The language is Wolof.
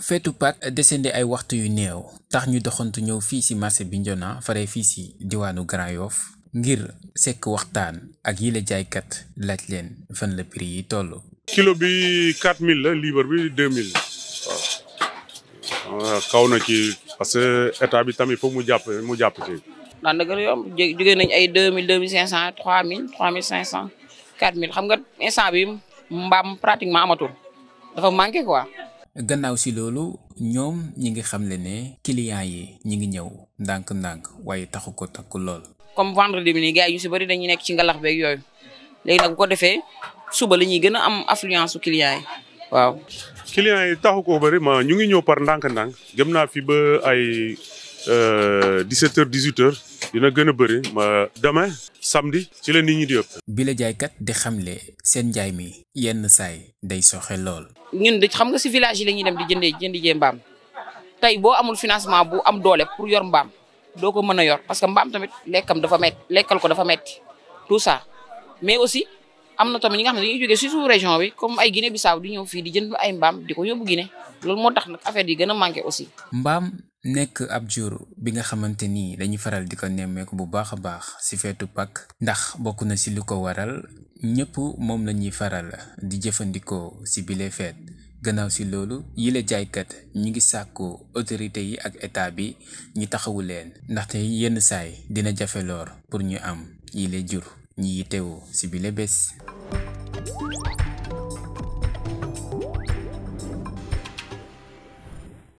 feetu Pâques desende ay waxtu yu néew tax ñu doxantu ñëw fii ci marché bi Bignona faree fii ci diwaanu Grand Yoff ngir sekk waxtaan ak yile jaaykat laaj leen fan la prix yi toll. kilo bi 4000 la libre bi ah, kaw na ci parce que état bi tamit foog mu jàpp mu jàpp ci. daanaka yomb jóge nañ ay 2000 2500 3000 3500. 4000 xam nga instant bi mbaam pratiquement amatul dafa manqué quoi. gannaaw si loolu ñoom ñi ngi xamle ne clients yi ñu ngi ñëw ndànk-ndànk waaye taxu ko takku lool. comme vendredi bi nii gars yi ñu si bëri dañuy nekk ci ngalax beeg yooyu léegi nag bu ko defee suba la ñuy gën a am affluence su yi waaw. clients yi ko bëri ñu ngi ñëw par ndànk-ndànk jëm naa fi ba ay 17 euh, heures 18 heures. dina gën a bëri ma demain samedi ci la nit ñu di yëpp. bi la jaaykat di xamle seen njaay mi yenn saay day soxe lool. ñun de xam nga si village yi la dem di jëndee jëndi jee mbaam tey boo amul financement bu am doole pour yor mbaam doo ko mën a yor parce que mbaam tamit lekkam dafa metti lekkal ko dafa metti tout ça mais aussi am na tamit ñi nga xam ne dañuy jógee si région bi comme ay Guinée Bissau di ñëw fii di jënd ay mbaam di ko yóbbu Guinée loolu moo tax nag affaire yi gën a manqué aussi. mbaam. nekk ab jur bi nga xamante ni dañuy faral di ko nemmeeku bu baax a baax ci feetu Pâques ndax bokk na ci lu ko waral ñëpp moom lañuy faral di jëfandikoo ci bile feet gannaaw ci loolu yile jaaykat ñi ngi sàkku autorité yi ak état bi ñi taxawu leen ndaxte yenn saay dina jafe loor pour ñu am yile jur ñi yitewoo ci bile bés